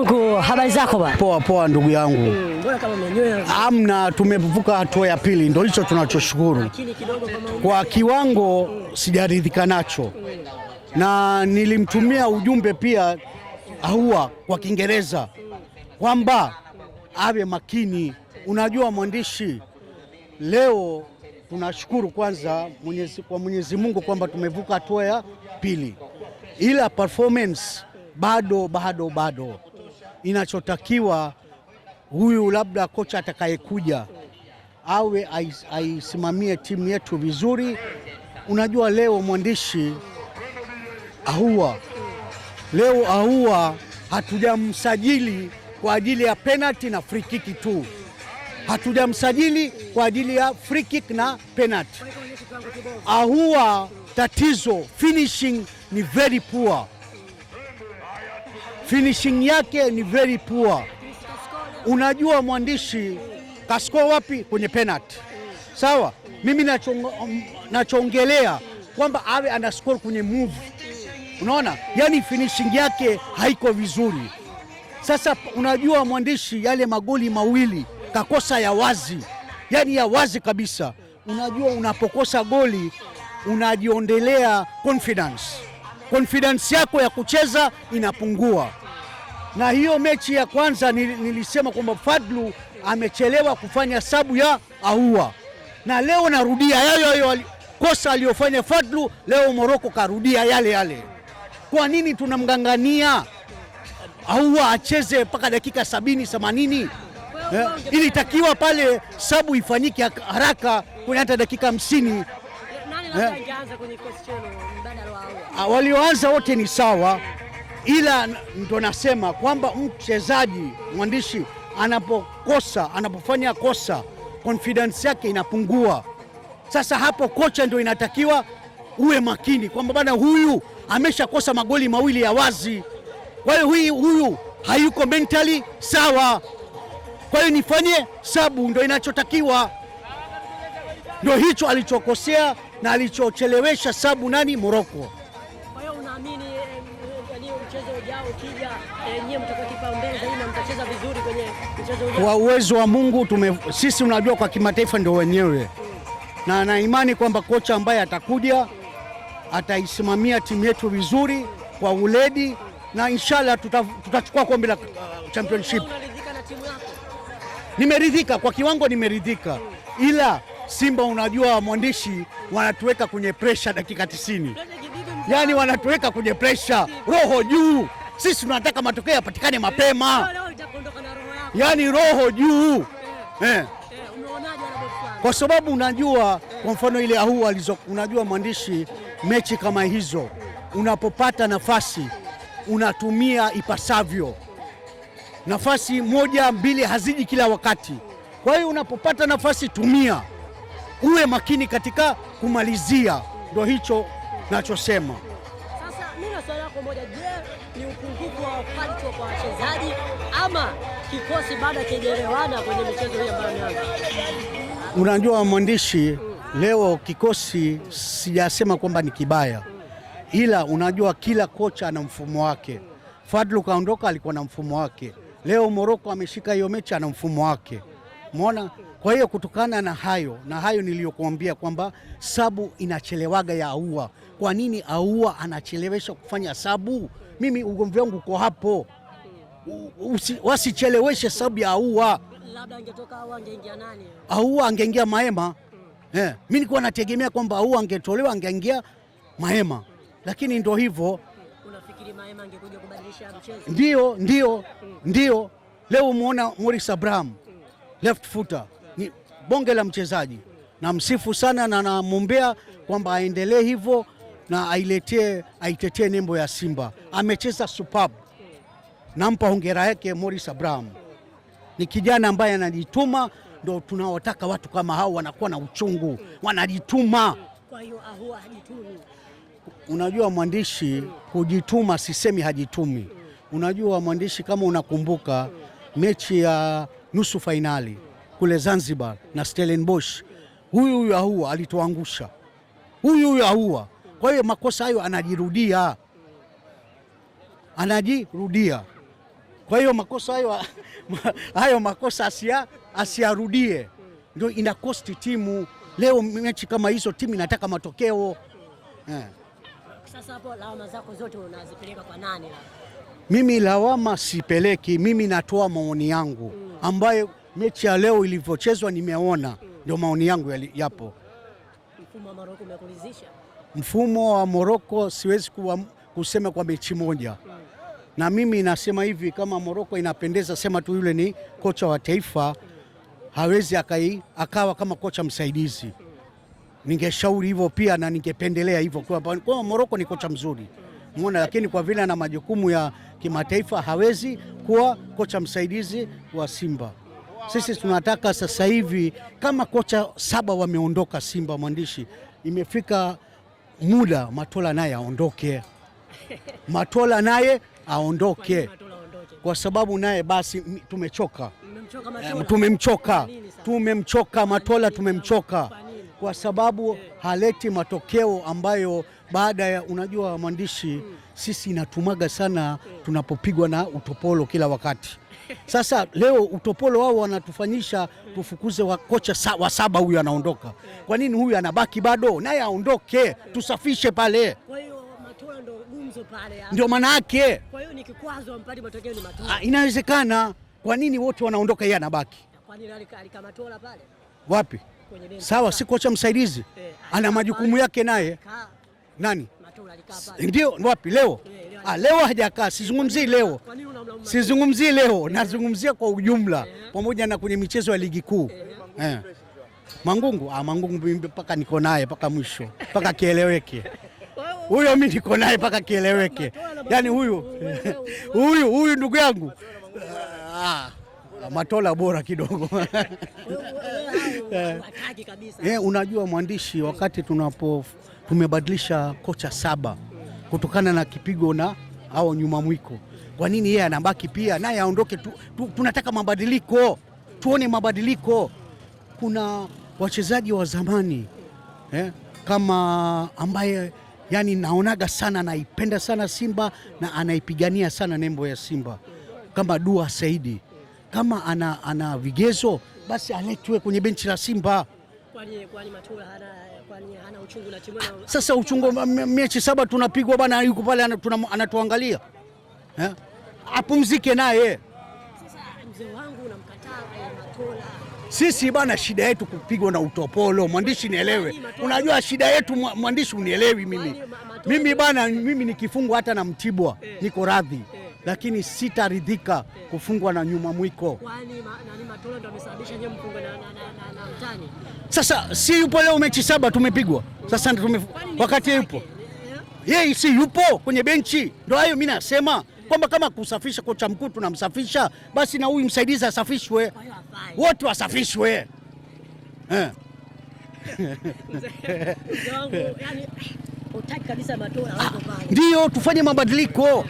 wangu, habari zako bwana? Poa poa ndugu yangu. Mm, mbona kama umenyoa? Amna, tumevuka hatua ya pili, ndio hicho tunachoshukuru. Kwa kiwango sijaridhika nacho na nilimtumia ujumbe pia aua kwa Kiingereza kwamba awe makini. Unajua mwandishi, leo tunashukuru kwanza mwenyezi, kwa Mwenyezi Mungu kwamba tumevuka hatua ya pili, ila performance bado bado bado Inachotakiwa huyu labda kocha atakayekuja awe aisimamie timu yetu vizuri. Unajua leo mwandishi aua, leo aua hatujamsajili kwa ajili ya penalti na free kick tu, hatujamsajili kwa ajili ya free kick na penalti. ahua tatizo finishing ni very poor finishing yake ni very poor. Unajua mwandishi kaskoa wapi? Kwenye penalty. Sawa, mimi nachongelea kwamba awe ana score kwenye move, unaona, yani finishing yake haiko vizuri. Sasa unajua mwandishi, yale magoli mawili kakosa ya wazi, yani ya wazi kabisa. Unajua unapokosa goli unajiondelea confidence confidence yako ya kucheza inapungua. Na hiyo mechi ya kwanza nilisema kwamba Fadlu amechelewa kufanya sabu ya aua na leo narudia yayo yayo kosa aliyofanya Fadlu leo, Moroko karudia yale yale. Kwa nini tunamgangania aua acheze mpaka dakika sabini themanini? Eh, ilitakiwa pale sabu ifanyike haraka kwenye hata dakika hamsini. Eh? Ah, walioanza wote ni sawa, ila ndo nasema kwamba mchezaji mwandishi anapokosa anapofanya kosa confidence yake inapungua. Sasa hapo kocha ndio inatakiwa uwe makini kwamba bana, huyu ameshakosa magoli mawili ya wazi, kwa hiyo huyu, huyu hayuko mentally sawa, kwa hiyo nifanye sabu, ndio inachotakiwa, ndio hicho alichokosea na alichochelewesha sabu nani Morocco. Kwa hiyo unaamini eh, eh, mchezo ujao ukija, eh, mtakuwa kipaumbele zaidi na mtacheza vizuri kwenye mchezo ujao? Kwa uwezo wa Mungu tume, sisi unajua kwa kimataifa ndio wenyewe hmm. na na imani kwamba kocha ambaye atakuja ataisimamia timu yetu vizuri kwa uledi na inshallah tutachukua tuta kombe la uh, championship. Nimeridhika kwa kiwango, nimeridhika ila Simba unajua, mwandishi wanatuweka kwenye presha dakika tisini, yaani wanatuweka kwenye presha, roho juu. Sisi tunataka matokeo yapatikane mapema, yaani roho juu eh. eh. eh kwa sababu unajua, kwa mfano ile ahu alizo, unajua mwandishi, mechi kama hizo unapopata nafasi unatumia ipasavyo. Nafasi moja mbili haziji kila wakati, kwa hiyo unapopata nafasi tumia uwe makini katika kumalizia, ndio hicho nachosema. Sasa mimi na swali lako moja, je, ni upungufu wa wakati kwa wachezaji ama kikosi baada kijelewana kwenye michezo hii ambayo imeanza? Unajua mwandishi, leo kikosi sijasema kwamba ni kibaya, ila unajua kila kocha ana mfumo wake. Fadlu kaondoka, alikuwa na mfumo wake. Leo Moroko ameshika hiyo mechi, ana mfumo wake, umeona. Kwa hiyo kutokana na hayo na hayo niliyokuambia kwamba sabu inachelewaga ya aua, kwa nini aua anachelewesha kufanya sabu? Mimi ugomvi wangu uko hapo, wasicheleweshe sabu ya aua. Labda angetoka aua, angeingia nani? Aua angeingia Mahema. Hmm. Eh, mimi nilikuwa nategemea kwamba aua angetolewa, angeingia Mahema, lakini ndo hivyo. Unafikiri Mahema angekuja kubadilisha mchezo? Ndio, ndio, hmm. ndio. Leo umeona Morris Abraham hmm. left footer bonge la mchezaji. Namsifu sana na namwombea kwamba aendelee hivyo na ailetee, aitetee nembo ya Simba. Amecheza superb, nampa hongera yake Morris Abraham. Ni kijana ambaye anajituma, ndo tunaotaka watu kama hao, wanakuwa na uchungu, wanajituma. Kwa hiyo ahua hajitumi. Unajua mwandishi kujituma, sisemi hajitumi. Unajua mwandishi, kama unakumbuka mechi ya nusu fainali kule Zanzibar na Stellenbosch, huyu huyu Ahoua alituangusha, huyu huyu Ahoua. Kwa hiyo makosa hayo anajirudia, anajirudia. Kwa hiyo makosa hayo hayo makosa asia asiarudie, ndio inakosti timu. Leo mechi kama hizo timu inataka matokeo eh. Sasa hapo lawama zako zote unazipeleka kwa nani? Mimi lawama sipeleki, mimi natoa maoni yangu mm. ambayo mechi ya leo ilivyochezwa nimeona, ndio maoni yangu yapo. Mfumo wa Moroko umekuridhisha? Mfumo wa siwezi kuwa, kusema kwa mechi moja mm. na mimi nasema hivi, kama Moroko inapendeza, sema tu yule ni kocha wa taifa, hawezi akai, akawa kama kocha msaidizi. Mm. Ningeshauri hivyo pia na ningependelea hivyo, kwa Moroko ni kocha mzuri muona, mm. lakini kwa vile ana majukumu ya kimataifa hawezi kuwa kocha msaidizi wa Simba. Sisi tunataka sasa hivi, kama kocha saba wameondoka Simba, mwandishi, imefika muda Matola naye aondoke. Matola naye aondoke kwa sababu naye basi tumechoka, tumemchoka, tumemchoka Matola, tumemchoka kwa sababu eh. haleti matokeo ambayo baada ya unajua, mwandishi, mm. sisi inatumaga sana tunapopigwa na utopolo kila wakati. Sasa leo utopolo wao wanatufanyisha tufukuze wa kocha sa, wa saba huyu anaondoka. Kwa nini huyu anabaki bado? Naye aondoke, tusafishe pale. Kwa hiyo Matola ndo gumzo pale, ndio maana yake. Kwa hiyo ni kikwazo, matokeo ni Matola. Ah, inawezekana. Kwa nini wote wanaondoka, yeye anabaki? Kwa nini alikamatola pale? Wapi? Sawa, si kocha msaidizi, eh, ana majukumu yake naye. Nani? Ndio, wapi leo? Ah, leo hajakaa, sizungumzii leo, sizungumzii leo, nazungumzia kwa ujumla, pamoja na kwenye michezo ya ligi kuu eh. Mangungu ah, Mangungu mpaka niko naye mpaka mwisho, mpaka kieleweke huyo, mi niko naye mpaka kieleweke, yaani huyu huyu huyu ndugu yangu ah, Matola bora kidogo eh, unajua mwandishi, wakati tunapo tumebadilisha kocha saba kutokana na kipigo na au nyuma mwiko. Kwa nini yeye anabaki pia naye aondoke? tu, tu, tunataka mabadiliko, tuone mabadiliko. Kuna wachezaji wa zamani eh, kama ambaye yani naonaga sana anaipenda sana Simba na anaipigania sana nembo ya Simba kama Dua Saidi, kama ana, ana vigezo basi aletwe kwenye benchi la Simba. Sasa uchungu mechi saba tunapigwa bana, yuko pale anatuangalia eh? Apumzike naye. Sisi bana, shida yetu kupigwa na utopolo. Mwandishi nielewe, unajua shida yetu mwandishi unielewi mimi. Mimi bana, mimi nikifungwa hata na Mtibwa eh. niko radhi. Eh lakini sitaridhika kufungwa na nyuma mwiko. Sasa si yupo leo mechi saba tumepigwa, sasa wakati yupo eh? yeye, si yupo kwenye benchi? Ndo hayo mi nasema kwamba kama kusafisha kocha mkuu tunamsafisha, basi na huyu msaidizi asafishwe, wote wasafishwe eh. Ndio tufanye mabadiliko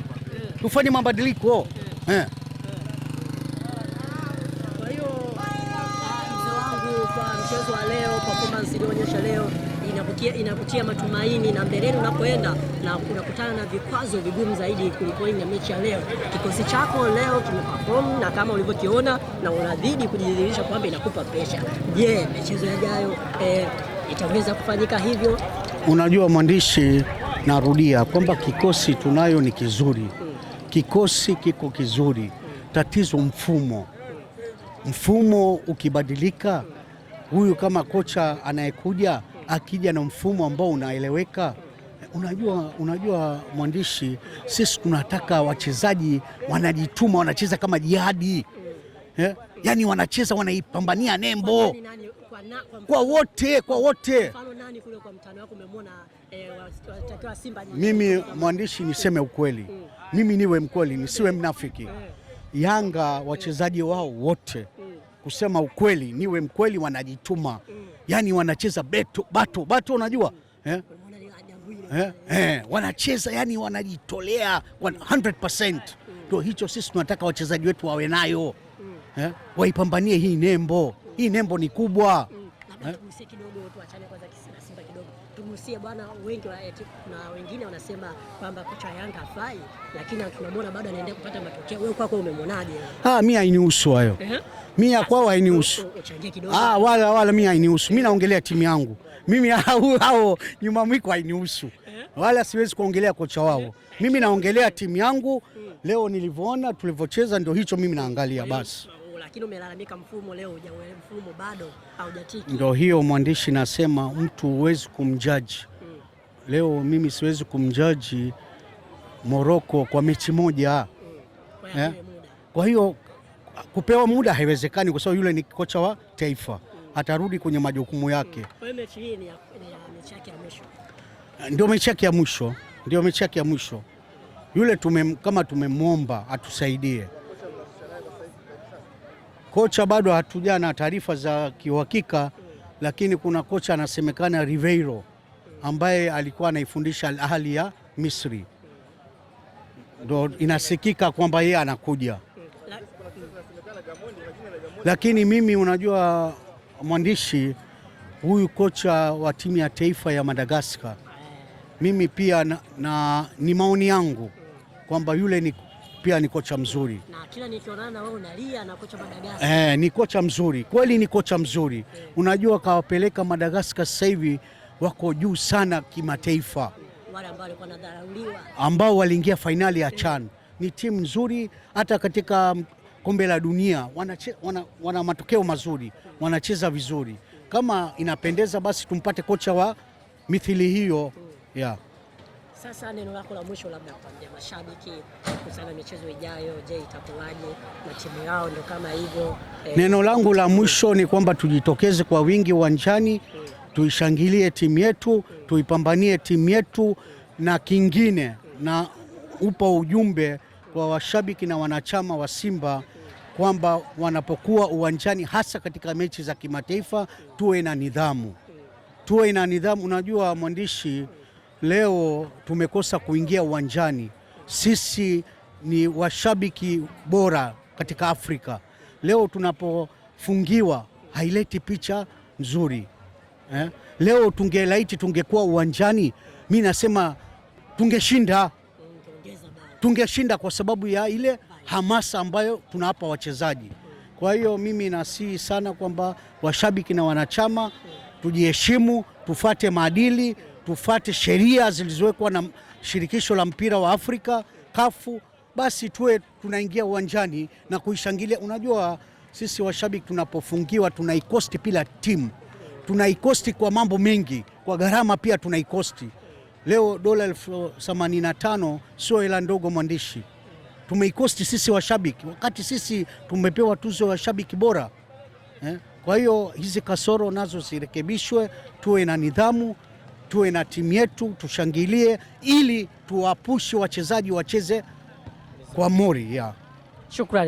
tufanye mabadiliko eh. wangu, kwa mchezo leo, leo inakutia, inakutia matumaini na mbeleni unapoenda na unakutana na vikwazo vigumu zaidi kuliko ile mechi ya leo. Kikosi chako leo kimeperform na kama ulivyokiona, na unazidi kujidhihirisha kwamba inakupa pesha Je, yeah, michezo yajayo eh, itaweza kufanyika hivyo? Unajua mwandishi, narudia kwamba kikosi tunayo ni kizuri hmm. Kikosi kiko kizuri, tatizo mfumo. Mfumo ukibadilika, huyu kama kocha anayekuja akija na mfumo ambao unaeleweka Unajua, unajua mwandishi, sisi tunataka wachezaji wanajituma, wanacheza kama jihadi yeah. Yani wanacheza wanaipambania nembo kwa, nani, kwa, na, kwa, kwa wote kwa wote kwa mtano wako umemwona, eh, wa, wa, wa, wa Simba. Mimi mwandishi niseme ukweli mm mimi niwe mkweli, nisiwe mnafiki. Yanga wachezaji wao wote, kusema ukweli, niwe mkweli, wanajituma, yaani wanacheza beto, bato bato, unajua eh? Eh, eh, wanacheza yani wanajitolea 100%. Ndio hicho sisi tunataka wachezaji wetu wawe nayo eh? Waipambanie hii nembo, hii nembo ni kubwa eh? tugusie bwana, wengi wa eti, na wengine wanasema kwamba kocha Yanga hafai, lakini tunamwona bado anaendelea kupata matokeo. Wewe kwako umemwonaje? Ah, mimi hainihusu hayo Mimi ya kwao hainihusu. Ah, wala wala mimi hainihusu. Mimi naongelea timu yangu. Mimi hao hao nyuma mwiko hainihusu. Wala siwezi kuongelea kocha wao. Mimi naongelea timu yangu. Hmm. Leo nilivyoona tulivyocheza ndio hicho mimi naangalia basi lakini umelalamika mfumo leo, hujauelewa mfumo bado haujatiki. Ndio hiyo mwandishi nasema mtu huwezi kumjaji mm. Leo mimi siwezi kumjaji Moroko kwa mechi moja mm. kwa, yeah? kwa hiyo kupewa muda haiwezekani kwa sababu yule ni kocha wa taifa mm. atarudi kwenye majukumu yake mm. kwa hiyo mechi hii ni ya, ni ya mechi yake ya mwisho, ndio mechi yake ya mwisho, ndio mechi yake ya mwisho yule tume, kama tumemwomba atusaidie Kocha bado hatuja na taarifa za kiuhakika, lakini kuna kocha anasemekana Riveiro ambaye alikuwa anaifundisha Al Ahli ya Misri, ndo inasikika kwamba yeye anakuja. Lakini mimi, unajua mwandishi, huyu kocha wa timu ya taifa ya Madagaskar, mimi pia na, na ni maoni yangu kwamba yule ni pia ni kocha mzuri na kila nikiona na wewe unalia na kocha Madagascar. Eh, ni kocha mzuri kweli, ni kocha mzuri eh. Unajua kawapeleka Madagascar sasa hivi wako juu sana kimataifa, wale ambao walikuwa nadharauliwa, ambao waliingia fainali ya CHAN ni timu nzuri, hata katika kombe la dunia wana, wana, wana matokeo mazuri, wanacheza vizuri. Kama inapendeza basi tumpate kocha wa mithili hiyo mm. yeah. Sasa neno lako la mwisho labda kuambia mashabiki kuhusiana na michezo ijayo, je, itakuwaje na timu yao ndio kama hivyo? Eh, neno langu la mwisho ni kwamba tujitokeze kwa wingi uwanjani hmm. Tuishangilie timu yetu hmm. Tuipambanie timu yetu na kingine hmm. Na upo ujumbe kwa washabiki na wanachama wa Simba kwamba wanapokuwa uwanjani hasa katika mechi za kimataifa tuwe na nidhamu, hmm. tuwe na nidhamu. Unajua mwandishi hmm leo tumekosa kuingia uwanjani. Sisi ni washabiki bora katika Afrika. Leo tunapofungiwa haileti picha nzuri eh? Leo tungelaiti tungekuwa uwanjani, mi nasema tungeshinda, tungeshinda kwa sababu ya ile hamasa ambayo tunawapa wachezaji. Kwa hiyo mimi nasihi sana kwamba washabiki na wanachama tujiheshimu, tufate maadili tufate sheria zilizowekwa na shirikisho la mpira wa Afrika kafu, basi tuwe tunaingia uwanjani na kuishangilia. Unajua sisi washabiki tunapofungiwa tunaikosti pila timu tunaikosti kwa mambo mengi, kwa gharama pia tunaikosti. Leo dola elfu themanini na tano sio hela ndogo, mwandishi. Tumeikosti sisi washabiki, wakati sisi tumepewa tuzo ya washabiki bora eh? Kwa hiyo hizi kasoro nazo zirekebishwe, tuwe na nidhamu tuwe na timu yetu, tushangilie ili tuwapushi wachezaji wacheze kwa mori ya. Shukrani.